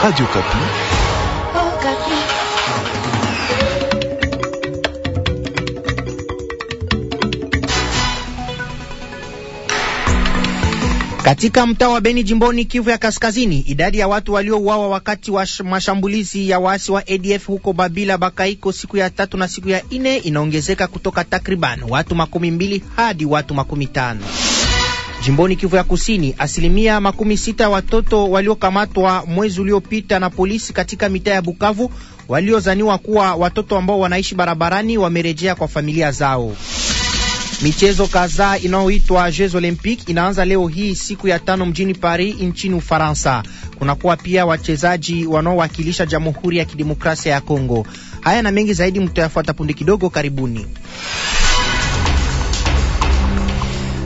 Radio Kapi. Oh, Kapi. Katika mtaa wa Beni jimboni Kivu ya Kaskazini, idadi ya watu waliouawa wakati wa mashambulizi ya waasi wa ADF huko Babila Bakaiko siku ya tatu na siku ya ine inaongezeka kutoka takriban watu makumi mbili hadi watu makumi tano. Jimboni Kivu ya Kusini, asilimia makumi sita watoto waliokamatwa mwezi uliopita na polisi katika mitaa ya Bukavu waliozaniwa kuwa watoto ambao wanaishi barabarani wamerejea kwa familia zao. Michezo kadhaa inayoitwa Jeux Olympiques inaanza leo hii siku ya tano mjini Paris nchini Ufaransa. Kunakuwa pia wachezaji wanaowakilisha Jamhuri ya Kidemokrasia ya Kongo. Haya na mengi zaidi mtayafuata punde kidogo. Karibuni.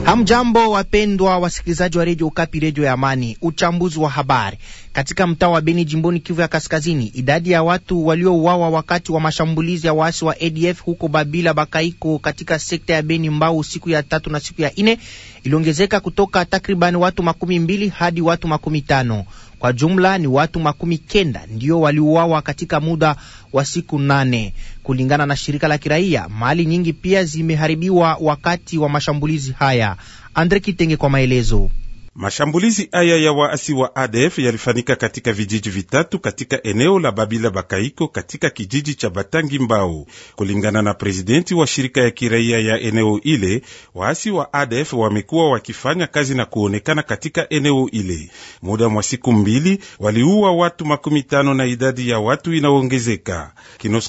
Hamjambo, wapendwa wasikilizaji wa redio Ukapi, redio ya Amani. Uchambuzi wa habari katika mtaa wa Beni, jimboni Kivu ya Kaskazini. Idadi ya watu waliouawa wakati wa mashambulizi ya waasi wa ADF huko Babila Bakaiko katika sekta ya Beni Mbau siku ya tatu na siku ya nne iliongezeka kutoka takribani watu makumi mbili hadi watu makumi tano. Kwa jumla ni watu makumi kenda ndio waliuawa katika muda wa siku nane, kulingana na shirika la kiraia. Mali nyingi pia zimeharibiwa wakati wa mashambulizi haya. Andre Kitenge kwa maelezo. Mashambulizi haya ya waasi wa ADF yalifanyika katika vijiji vitatu katika eneo la Babila Bakaiko katika kijiji cha Batangi Mbao. Kulingana na presidenti wa shirika ya kiraia ya eneo ile, waasi wa ADF wamekuwa wakifanya kazi na kuonekana katika eneo ile. Muda mwa siku mbili waliua watu makumi tano na idadi ya watu inaongezeka.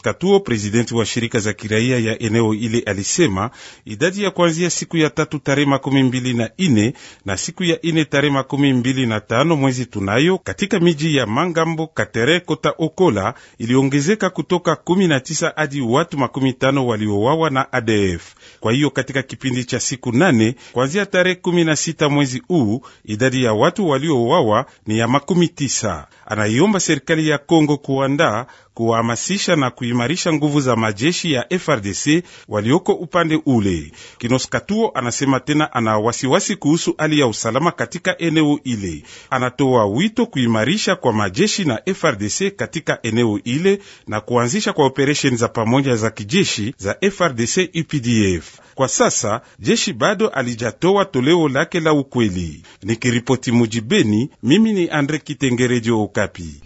Katuo, presidenti wa shirika za kiraia ya eneo ile, alisema idadi ya kuanzia siku ya tatu tarehe makumi mbili na ine na siku ya ine ine tarehe makumi mbili na tano mwezi tunayo katika miji ya Mangambo, Katere, Kota Okola iliongezeka kutoka kumi na tisa hadi watu makumi tano waliowawa na ADF. Kwa hiyo katika kipindi cha siku nane kuanzia tarehe kumi na sita mwezi huu idadi ya watu waliowawa ni ya makumi tisa anaiomba serikali ya Kongo kuandaa kuwahamasisha na kuimarisha nguvu za majeshi ya FRDC walioko upande ule. Kinos Katuo anasema tena ana wasiwasi kuhusu hali ya usalama katika eneo ile. Anatoa wito kuimarisha kwa majeshi na FRDC katika eneo ile na kuanzisha kwa operesheni za pamoja za kijeshi za FRDC UPDF. Kwa sasa jeshi bado alijatoa toleo lake la ukweli. Nikiripoti mujibeni, mimi ni Andre Kitengerejo, Okapi.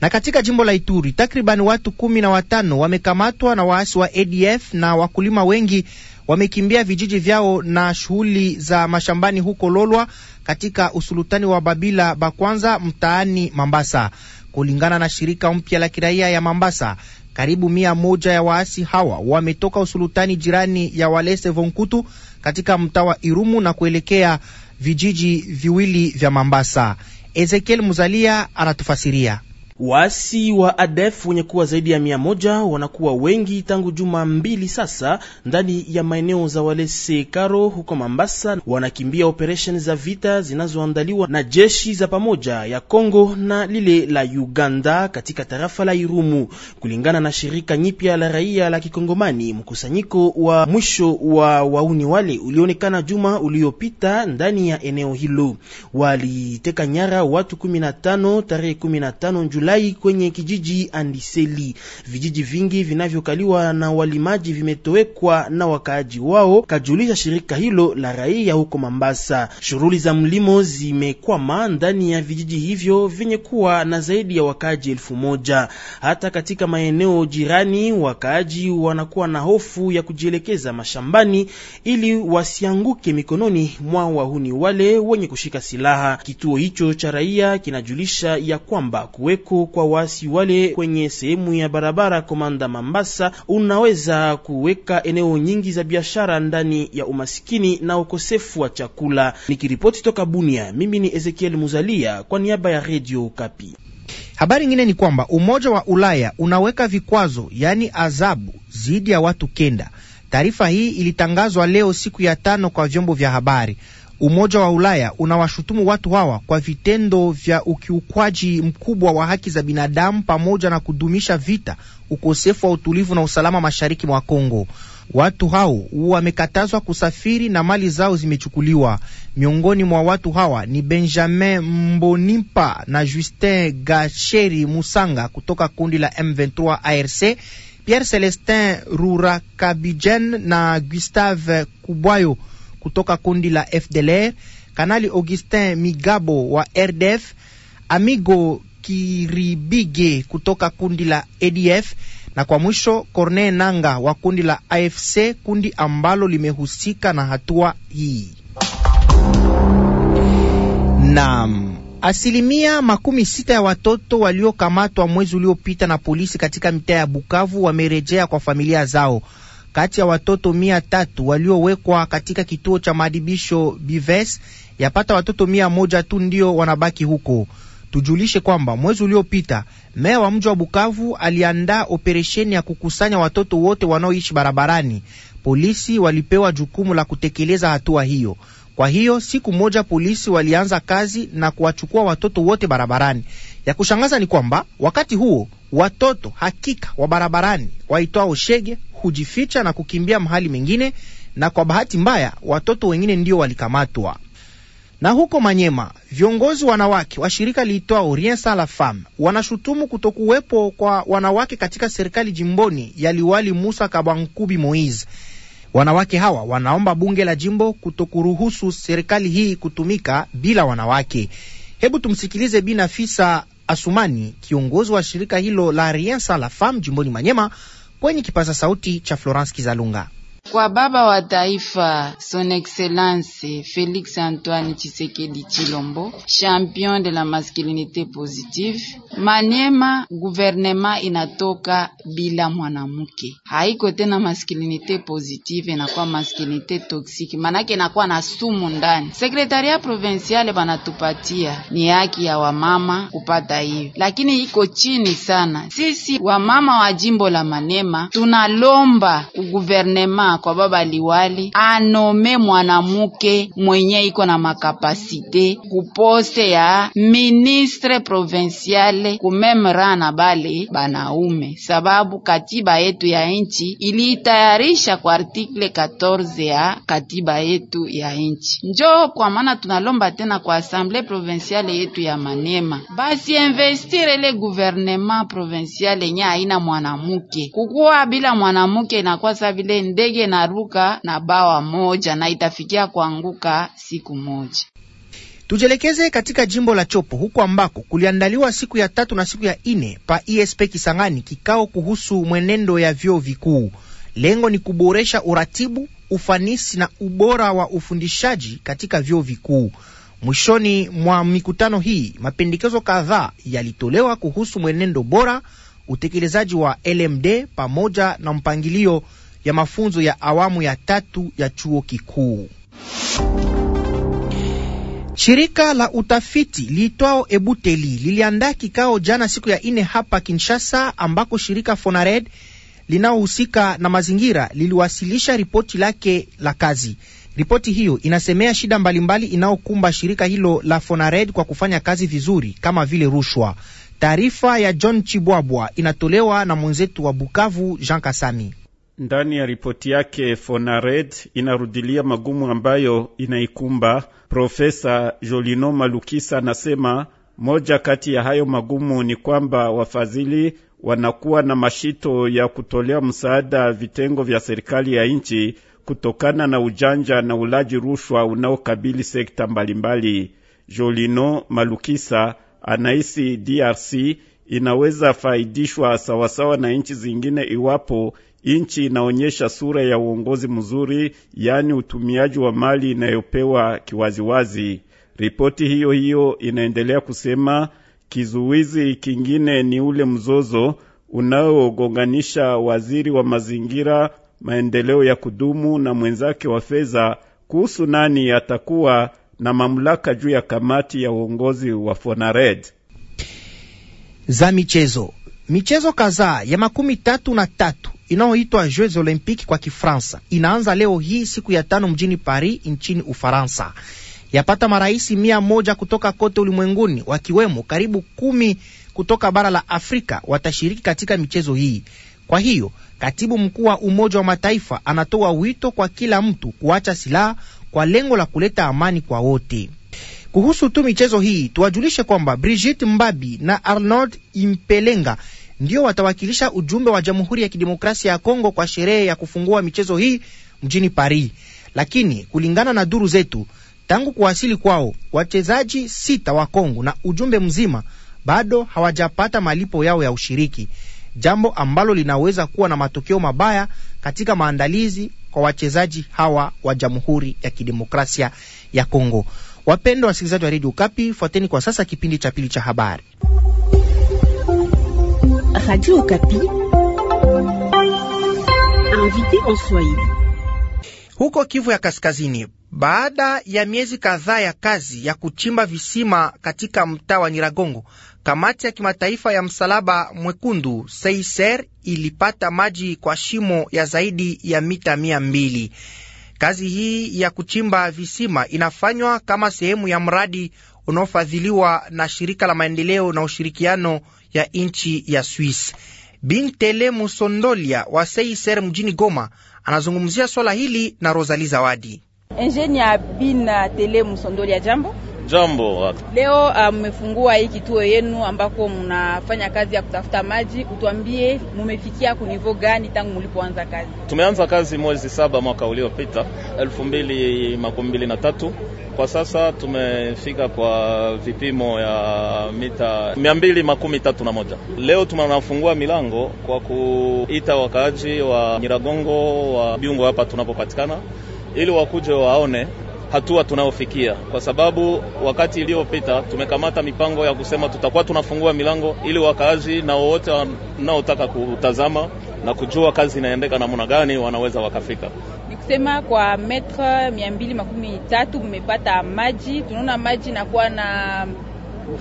Na katika jimbo la Ituri takribani watu kumi na watano wamekamatwa na waasi wa ADF na wakulima wengi wamekimbia vijiji vyao na shughuli za mashambani huko Lolwa katika usulutani wa Babila Bakwanza mtaani Mambasa. Kulingana na shirika mpya la kiraia ya Mambasa, karibu mia moja ya waasi hawa wametoka usulutani jirani ya Walese Vonkutu katika mtaa wa Irumu na kuelekea vijiji viwili vya Mambasa. Ezekiel Muzalia anatufasiria. Waasi wa ADF wenye kuwa zaidi ya mia moja wanakuwa wengi tangu juma mbili sasa ndani ya maeneo za Walese Karo huko Mambasa, wanakimbia operesheni za vita zinazoandaliwa na jeshi za pamoja ya congo na lile la Uganda katika tarafa la Irumu, kulingana na shirika nyipya la raia la Kikongomani. Mkusanyiko wa mwisho wa wauni wale ulionekana juma uliopita ndani ya eneo hilo, waliteka nyara watu 15 tarehe 15 Julai Julai kwenye kijiji Andiseli. Vijiji vingi vinavyokaliwa na walimaji vimetowekwa na wakaaji wao, kajulisha shirika hilo la raia huko Mambasa. Shughuli za mlimo zimekwama ndani ya vijiji hivyo vyenye kuwa na zaidi ya wakaaji elfu moja. Hata katika maeneo jirani, wakaaji wanakuwa na hofu ya kujielekeza mashambani ili wasianguke mikononi mwa wahuni wale wenye kushika silaha. Kituo hicho cha raia kinajulisha ya kwamba kuweko wako kwa waasi wale kwenye sehemu ya barabara Komanda Mambasa, unaweza kuweka eneo nyingi za biashara ndani ya umasikini na ukosefu wa chakula. Nikiripoti toka Bunia, mimi ni Ezekiel Muzalia kwa niaba ya Radio Kapi. Habari nyingine ni kwamba Umoja wa Ulaya unaweka vikwazo, yaani adhabu dhidi ya watu kenda. Taarifa hii ilitangazwa leo siku ya tano kwa vyombo vya habari. Umoja wa Ulaya unawashutumu watu hawa kwa vitendo vya ukiukwaji mkubwa wa haki za binadamu pamoja na kudumisha vita, ukosefu wa utulivu na usalama mashariki mwa Kongo. Watu hao wamekatazwa kusafiri na mali zao zimechukuliwa. Miongoni mwa watu hawa ni Benjamin Mbonimpa na Justin gacheri Musanga kutoka kundi la M23 ARC, Pierre Celestin Rurakabijen na Gustave Kubwayo kutoka kundi la FDLR, Kanali Augustin Migabo wa RDF, Amigo Kiribige kutoka kundi la ADF na kwa mwisho Corne Nanga wa kundi la AFC, kundi ambalo limehusika na hatua hii. Naam, asilimia makumi sita ya watoto waliokamatwa mwezi uliopita na polisi katika mitaa ya Bukavu wamerejea kwa familia zao kati ya watoto mia tatu waliowekwa katika kituo cha maadibisho Bives, yapata watoto mia moja tu ndio wanabaki huko. Tujulishe kwamba mwezi uliopita meya wa mji wa Bukavu aliandaa operesheni ya kukusanya watoto wote wanaoishi barabarani. Polisi walipewa jukumu la kutekeleza hatua hiyo. Kwa hiyo siku moja polisi walianza kazi na kuwachukua watoto wote barabarani. Ya kushangaza ni kwamba wakati huo watoto hakika wa barabarani waitwao shege kujificha na kukimbia mahali mengine, na kwa bahati mbaya watoto wengine ndio walikamatwa. Na huko Manyema, viongozi wanawake wa shirika liitwa Orien Sans la Femme wanashutumu kutokuwepo kwa wanawake katika serikali jimboni ya liwali Musa Kabankubi Moise. Wanawake hawa wanaomba bunge la jimbo kutokuruhusu serikali hii kutumika bila wanawake. Hebu tumsikilize Bi Nafisa Asumani, kiongozi wa shirika hilo la Rien Sans la Femme jimboni Manyema, kwenye kipaza sauti cha Florence Kizalunga kwa Baba wa Taifa Son Excellence Félix Antoine chisekedi chilombo champion de la masculinité positive Maniema guvernema inatoka bila mwanamke haiko tena masculinité positive inakuwa masculinité toxique manake inakuwa na sumu ndani sekretaria provinciale banatupatia ni haki ya wamama kupata hiyo lakini iko chini sana sisi wamama wa jimbo la Maniema tunalomba kuguvernema sana kwa baba liwali anome mwanamuke mwenye iko na makapasite kupose ya ministre provinciale kumemra na bale banaume, sababu katiba yetu ya nchi iliitayarisha kwa artikle 14 ya katiba yetu ya nchi. Njo kwa maana tunalomba tena kwa asamble provinciale yetu ya Manema basi investire le gouvernement provinciale nye haina mwanamuke, kukuwa bila mwanamuke inakuwa sa vile ndege naruka na bawa moja na itafikia kuanguka siku moja. Tujelekeze katika jimbo la Chopo huko ambako kuliandaliwa siku ya tatu na siku ya ine pa ISP Kisangani kikao kuhusu mwenendo ya vyuo vikuu. Lengo ni kuboresha uratibu, ufanisi na ubora wa ufundishaji katika vyuo vikuu. Mwishoni mwa mikutano hii, mapendekezo kadhaa yalitolewa kuhusu mwenendo bora, utekelezaji wa LMD pamoja na mpangilio ya mafunzo ya awamu ya tatu ya chuo kikuu. Shirika la utafiti liitwao Ebuteli liliandaa kikao jana siku ya ine hapa Kinshasa, ambako shirika Fonared linaohusika na mazingira liliwasilisha ripoti lake la kazi. Ripoti hiyo inasemea shida mbalimbali inayokumba shirika hilo la Fonared kwa kufanya kazi vizuri kama vile rushwa. Taarifa ya John Chibwabwa inatolewa na mwenzetu wa Bukavu Jean Kasami. Ndani ya ripoti yake Fonared inarudilia magumu ambayo inaikumba Profesa Jolino Malukisa. Anasema moja kati ya hayo magumu ni kwamba wafadhili wanakuwa na mashito ya kutolea msaada vitengo vya serikali ya nchi kutokana na ujanja na ulaji rushwa unaokabili sekta mbalimbali. Jolino Malukisa anahisi DRC inaweza faidishwa sawasawa na nchi zingine iwapo Nchi inaonyesha sura ya uongozi mzuri, yaani utumiaji wa mali inayopewa kiwaziwazi. Ripoti hiyo hiyo inaendelea kusema kizuizi kingine ni ule mzozo unaogonganisha waziri wa mazingira, maendeleo ya kudumu na mwenzake wa fedha kuhusu nani atakuwa na mamlaka juu ya kamati ya uongozi wa Fonared. Za michezo michezo kadhaa ya makumi tatu na tatu inayoitwa Jeux Olympiques kwa kifransa inaanza leo hii siku ya tano mjini Paris nchini Ufaransa. Yapata marais mia moja kutoka kote ulimwenguni wakiwemo karibu kumi kutoka bara la Afrika watashiriki katika michezo hii. Kwa hiyo katibu mkuu wa Umoja wa Mataifa anatoa wito kwa kila mtu kuacha silaha kwa lengo la kuleta amani kwa wote. Kuhusu tu michezo hii, tuwajulishe kwamba Brigitte Mbabi na Arnold Impelenga ndio watawakilisha ujumbe wa Jamhuri ya Kidemokrasia ya Kongo kwa sherehe ya kufungua michezo hii mjini Paris. Lakini kulingana na duru zetu, tangu kuwasili kwao wachezaji sita wa Kongo na ujumbe mzima bado hawajapata malipo yao ya ushiriki, jambo ambalo linaweza kuwa na matokeo mabaya katika maandalizi kwa wachezaji hawa wa Jamhuri ya Kidemokrasia ya Kongo. Wapendwa wasikilizaji wa redio Kapi, fuateni kwa sasa kipindi cha pili cha habari. Radio Okapi invité en Swahili. Huko Kivu ya Kaskazini, baada ya miezi kadhaa ya kazi ya kuchimba visima katika mtaa wa niragongo kamati ya kimataifa ya msalaba mwekundu Seiser ilipata maji kwa shimo ya zaidi ya mita mia mbili. Kazi hii ya kuchimba visima inafanywa kama sehemu ya mradi unaofadhiliwa na shirika la maendeleo na ushirikiano ya nchi ya Swiss. Bintele Musondolia wa Seiser mjini Goma anazungumzia swala hili na Rosali Zawadi. Enjenia tele Musondolia, jambo Jambo. Leo uh, mmefungua um, hii kituo yenu ambako mnafanya kazi ya kutafuta maji. Utuambie mumefikia kunivo gani tangu mulipoanza kazi? Tumeanza kazi mwezi saba mwaka uliopita elfu mbili makumi mbili na tatu. Kwa sasa tumefika kwa vipimo ya mita mia mbili makumi tatu na moja. Leo tunafungua milango kwa kuita wakaaji wa Nyiragongo wa Biungo hapa tunapopatikana ili wakuje waone hatua tunayofikia, kwa sababu wakati iliyopita tumekamata mipango ya kusema tutakuwa tunafungua milango ili wakazi na wowote wanaotaka kutazama na kujua kazi inaendeka namna gani wanaweza wakafika. Ni kusema kwa metre mia mbili makumi tatu mmepata maji, tunaona maji inakuwa na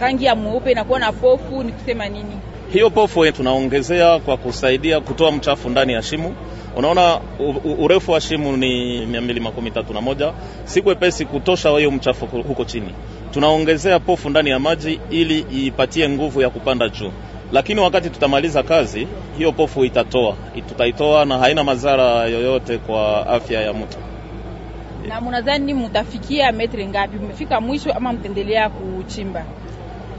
rangi ya mweupe, inakuwa na pofu, ni kusema nini? Hiyo pofu tunaongezea kwa kusaidia kutoa mchafu ndani ya shimo. Unaona urefu wa shimo ni mia na moja. Si kwepesi kutosha hiyo mchafu huko chini, tunaongezea pofu ndani ya maji ili ipatie nguvu ya kupanda juu lakini wakati tutamaliza kazi hiyo, pofu itatoa tutaitoa, na haina madhara yoyote kwa afya ya mtu. Na mnadhani mtafikia metri ngapi? Mmefika mwisho ama mtendelea kuchimba?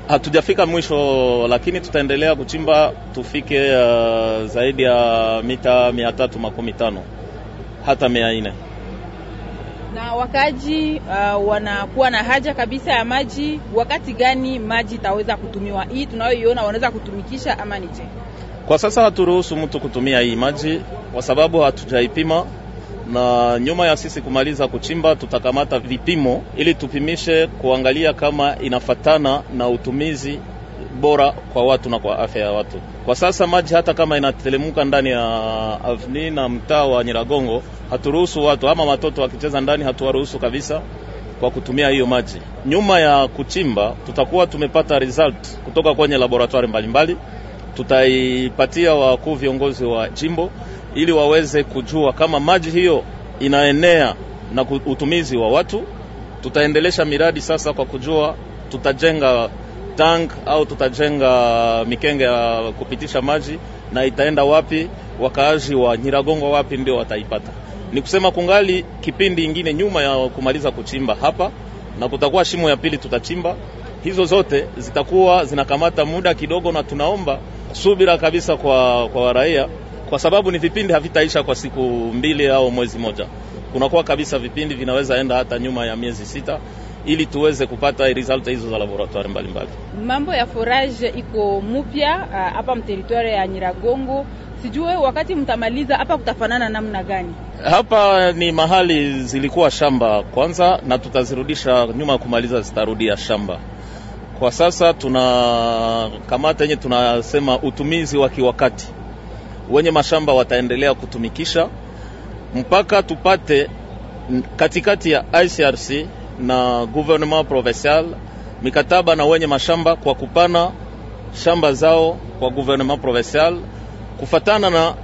hatujafika mwisho, lakini tutaendelea kuchimba tufike uh, zaidi ya mita mia tatu makumi tano hata mia nne na wakaji uh, wanakuwa na haja kabisa ya maji. Wakati gani maji itaweza kutumiwa? Hii tunayoiona wanaweza kutumikisha ama nije? Kwa sasa haturuhusu mtu kutumia hii maji kwa sababu hatujaipima na nyuma ya sisi kumaliza kuchimba, tutakamata vipimo ili tupimishe kuangalia kama inafatana na utumizi bora kwa watu na kwa afya ya watu. Kwa sasa maji hata kama inatelemuka ndani ya avni na mtaa wa Nyiragongo, haturuhusu watu ama watoto wakicheza ndani, hatuwaruhusu kabisa kwa kutumia hiyo maji. Nyuma ya kuchimba, tutakuwa tumepata result kutoka kwenye laboratwari mbalimbali, tutaipatia wakuu viongozi wa jimbo ili waweze kujua kama maji hiyo inaenea na utumizi wa watu. Tutaendelesha miradi sasa kwa kujua tutajenga tank au tutajenga mikenge ya kupitisha maji na itaenda wapi, wakaaji wa Nyiragongo wapi ndio wataipata. Ni kusema kungali kipindi ingine nyuma ya kumaliza kuchimba hapa, na kutakuwa shimo ya pili tutachimba. Hizo zote zitakuwa zinakamata muda kidogo, na tunaomba subira kabisa kwa, kwa raia kwa sababu ni vipindi havitaisha kwa siku mbili au mwezi moja. Kunakuwa kabisa vipindi vinaweza enda hata nyuma ya miezi sita ili tuweze kupata result hizo za laboratoire mbalimbali. Mambo ya forage iko mupya ah, hapa mteritwari ya Nyiragongo, sijue wakati mtamaliza hapa kutafanana namna gani? Hapa ni mahali zilikuwa shamba kwanza, na tutazirudisha nyuma, kumaliza zitarudia shamba. Kwa sasa tuna kamata yenye tunasema utumizi wa kiwakati wenye mashamba wataendelea kutumikisha mpaka tupate katikati ya ICRC na gouvernement provincial mikataba na wenye mashamba kwa kupana shamba zao kwa gouvernement provincial kufatana na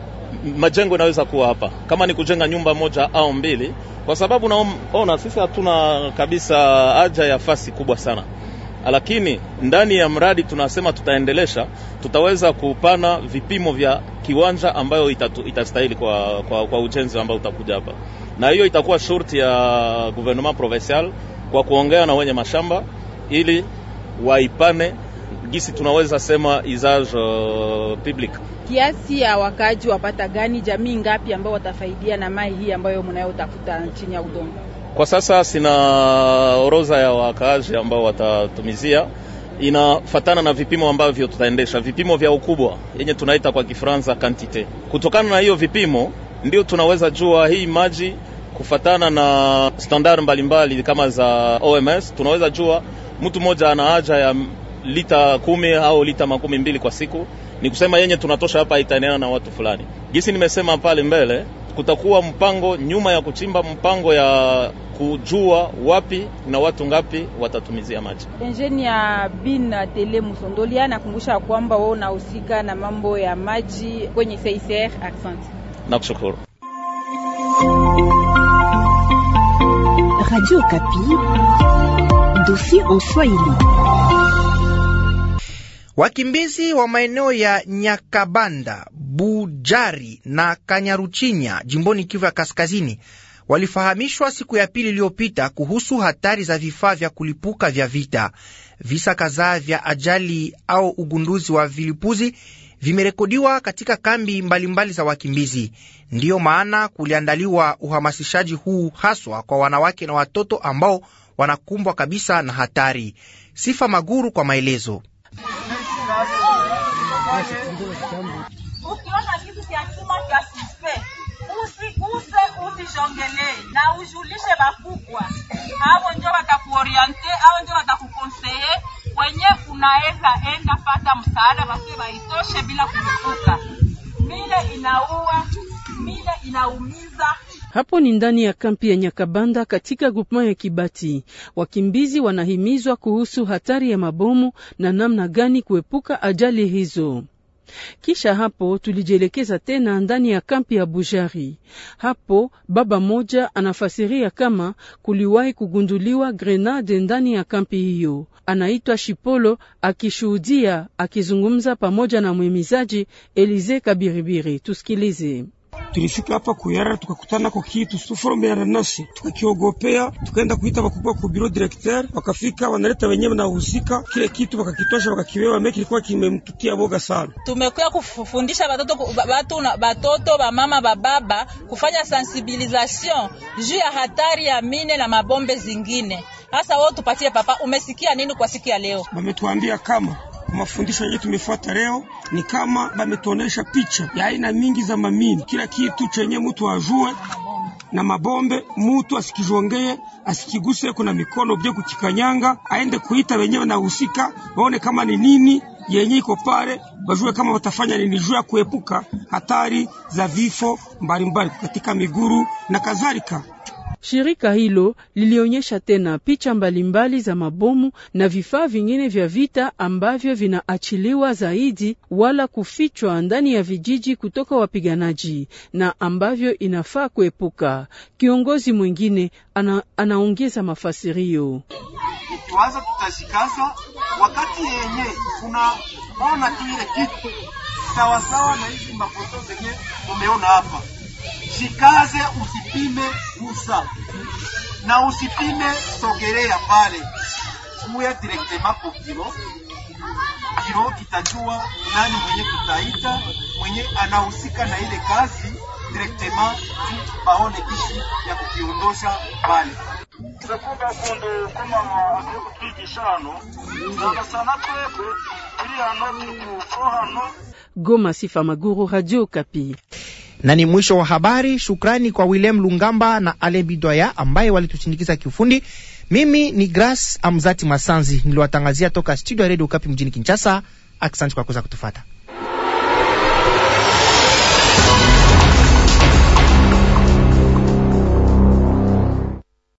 majengo inaweza kuwa hapa kama ni kujenga nyumba moja au mbili, kwa sababu naona sisi hatuna kabisa haja ya fasi kubwa sana lakini ndani ya mradi tunasema tutaendelesha, tutaweza kupana vipimo vya kiwanja ambayo itatu, itastahili kwa, kwa, kwa ujenzi ambao utakuja hapa, na hiyo itakuwa shurti ya gouvernement provincial kwa kuongea na wenye mashamba ili waipane gisi tunaweza sema izage uh, public. Kiasi ya wakaji wapata gani? Jamii ngapi ambao watafaidia na mai hii ambayo mnayotafuta chini ya udongo? Kwa sasa sina orodha ya wakaaji ambao watatumizia, inafatana na vipimo ambavyo tutaendesha, vipimo vya ukubwa yenye tunaita kwa Kifaransa quantite. Kutokana na hiyo vipimo ndio tunaweza jua hii maji kufatana na standard mbalimbali mbali, kama za OMS tunaweza jua mtu mmoja ana haja ya lita kumi au lita makumi mbili kwa siku. Ni kusema yenye tunatosha hapa itaeneana na watu fulani, gisi nimesema pale mbele kutakuwa mpango nyuma ya kuchimba mpango ya kujua wapi na watu ngapi watatumizia maji. Enjinia Bin Tele Musondolia nakumbusha kwamba wao unahusika na mambo ya maji kwenye CICR. Accent. Nakushukuru. Radio Kapi. dossier en Swahili. Wakimbizi wa maeneo ya Nyakabanda Bujari na Kanyaruchinya jimboni Kivu ya Kaskazini walifahamishwa siku ya pili iliyopita kuhusu hatari za vifaa vya kulipuka vya vita. Visa kadhaa vya ajali au ugunduzi wa vilipuzi vimerekodiwa katika kambi mbalimbali mbali za wakimbizi. Ndiyo maana kuliandaliwa uhamasishaji huu haswa kwa wanawake na watoto ambao wanakumbwa kabisa na hatari. Sifa Maguru kwa maelezo ukiona kitu cha chuma cha suspect usiguse, usisongelee na ujulishe bakubwa. Hao ndio watakuoriente, hao ndio watakukonseye kwenye unaweza enda pata msaada, basi waitoshe bila kurupuka. Mile inaua, mile inaumiza. Hapo ni ndani ya kampi ya Nyakabanda katika grupema ya Kibati. Wakimbizi wanahimizwa kuhusu hatari ya mabomu na namna gani kuepuka ajali hizo. Kisha hapo tulijielekeza tena ndani ya kampi ya Bujari. Hapo baba moja anafasiria kama kuliwahi kugunduliwa grenade ndani ya kampi hiyo. Anaitwa Shipolo, akishuhudia akizungumza pamoja na mwimizaji Elize Kabiribiri. Tusikilize. Tulifika hapa Kuyara tukakutana kwa kitu suforme ya nanasi, tukakiogopea tukaenda kuita wakubwa ku bureau directeur, wakafika wanaleta wenyewe na uhusika kile kitu wakakitosha wakakiwewa, mimi kilikuwa kimemtukia boga sana. Tumekuwa kufundisha watoto watu na watoto wa mama wa baba kufanya sensibilisation juu ya hatari ya mine na mabombe zingine. hasa wao tupatie papa, umesikia nini kwa siku ya leo? Wametuambia kama kwa mafundisho yenye tumefuata leo, ni kama bametuonesha picha ya aina mingi za mamini, kila kitu chenye mtu ajue na mabombe mtu asikijongee asikiguse kuna mikono bye kukikanyanga, aende kuita wenyewe na husika waone kama ni nini yenye iko pale, bajue kama watafanya nini juu ya kuepuka hatari za vifo mbalimbali katika miguru na kadhalika. Shirika hilo lilionyesha tena picha mbalimbali za mabomu na vifaa vingine vya vita ambavyo vinaachiliwa zaidi wala kufichwa ndani ya vijiji kutoka wapiganaji na ambavyo inafaa kuepuka. Kiongozi mwingine ana, anaongeza mafasirio tuanza tutashikaza wakati yenye unaona tu ile kitu sawasawa na hizi mafoto zenye umeona hapa. Jikaze, usipime gusa na usipime, sogerea pale, kuya direktema ku kiro kiro, kitajua nani mwenye kutaita, mwenye anahusika na ile kazi direktema, baone kisi ya kukiondosha pale sekuga kundu kuma akutwigisha hano agasana twebwe turi hano turi kuufo hano Goma. Sifa Maguru, Radio Kapi na ni mwisho wa habari. Shukrani kwa William Lungamba na Ale Bidoya ambaye walitushindikiza kiufundi. Mimi ni Grace Amzati Masanzi niliwatangazia toka studio ya Radio Kapi mjini Kinshasa. Asante kwa kuweza kutufata.